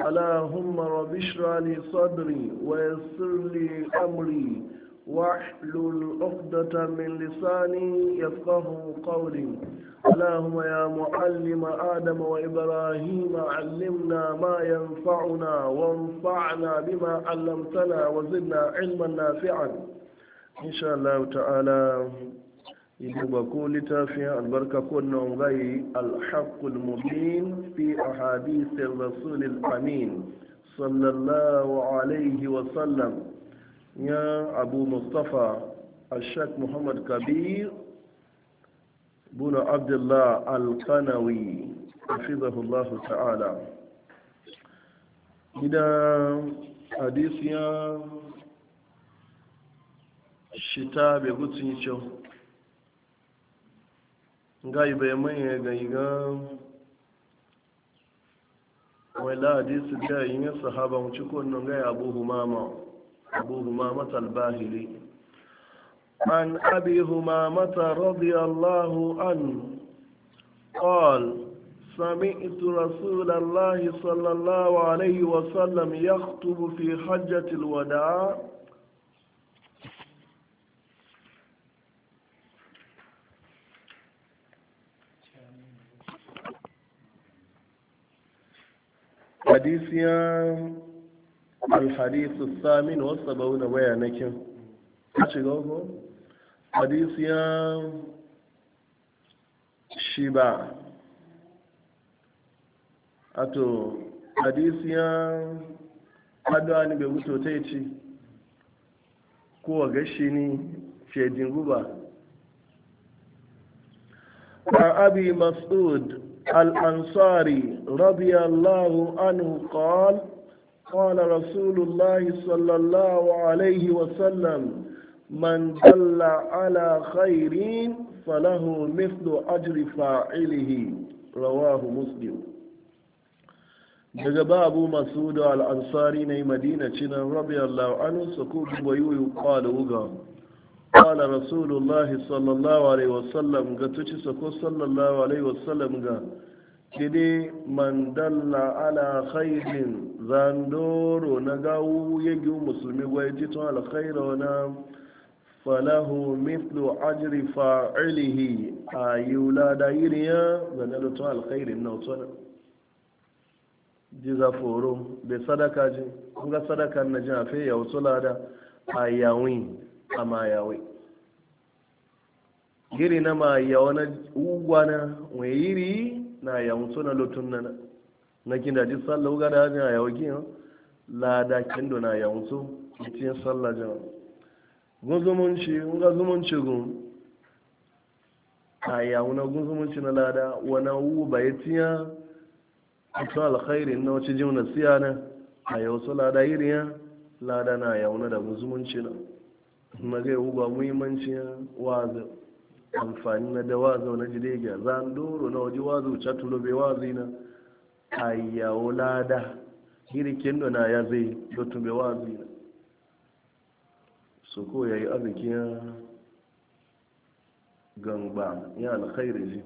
اللهم رب اشرح لي صدري ويسر لي امري واحلل عقدة من لساني يفقه قولي اللهم يا معلم آدم وإبراهيم علمنا ما ينفعنا وانفعنا بما علمتنا وزدنا علما نافعا إن شاء الله تعالى idan ko littafin albarka ko nan gai alhaƙul mubin fi a hadisin rasulil amin sallallahu alayhi wa sallam, ya abu mustapha ashak muhammad kabir buna abdullah alkanawi hafizahullahu ta'ala idan hadisiyan shita bai gutsun cewa gai bai manya gai ga wala hadisi da yin sahaba mu ci kunnan gai abu humama abu humama talbahili an abi humama radiyallahu an قال سمعت رسول الله صلى الله عليه وسلم يخطب في حجة الوداع hadisiyan alhadisu na wasu na waya na kin a shiga ko hadisiyan shiba ato hadisiyan addu'a ni bai wuto ta ci kowa gashi ni shedin guba عن abi masud الأنصاري رضي الله عنه قال قال رسول الله صلى الله عليه وسلم من دل على خير فله مثل أجر فاعله رواه مسلم daga babu masu da al'ansari na yi madina cinan rabi Allah anu su kuma yi kwaluga قال رسول sallallahu alaihi الله عليه وسلم قتوشي سكو صلى الله عليه kini man dalla ala khairin zandoro na gawo yagi musulmi gwai titon alkhairo na falahu mithlu ajri fa'ilihi a yula da yiriya ga na lutun alkhairin na otuna jiza foro bai sadaka ji kun ga sadaka na jin ya otula da a yawin a ma yawe giri na ma yawa na ugwa na wai yiri na yawon na lotun na na kinda ji sallah uga da hajji na yawa gina lada kindo na yawon su cikin sallah jan gunzumunci zumunci gun a yawon na gunzumunci na lada wani uwa bai tiya a tun alkhairin na wacce jimna siya na a yawon su lada yiri ya lada na yawon da gunzumunci na magai uba muhimmancin wazo amfani na da wazo na jirage zan doro na waje wazo catulo bai wazo na ayyawo lada hirikin da na ya zai dotun bai wazo na su ko ya yi arzikin gangba ya alkhairi ji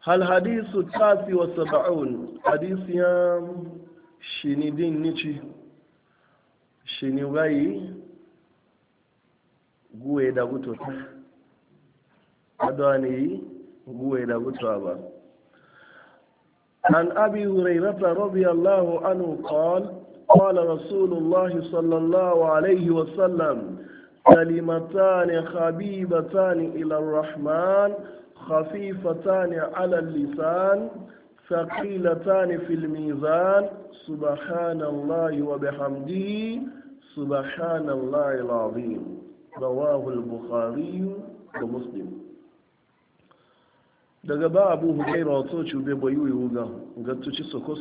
hal hadisu tasi wa saba'un hadisiyan shinidin nici shi ni gayi guwe da guto ta adwa ne guwe da guto an abi أبي هريرة رضي الله عنه قال قال رسول الله صلى الله عليه وسلم كلمتان خبيبتان إلى الرحمن خفيفتان على اللسان ثقيلتان في الميزان سبحان الله وبحمده سبحان الله العظيم رواه البخاري ومسلم daga ba abu hujjaira wato cube bayu yiwu ga gattuci soko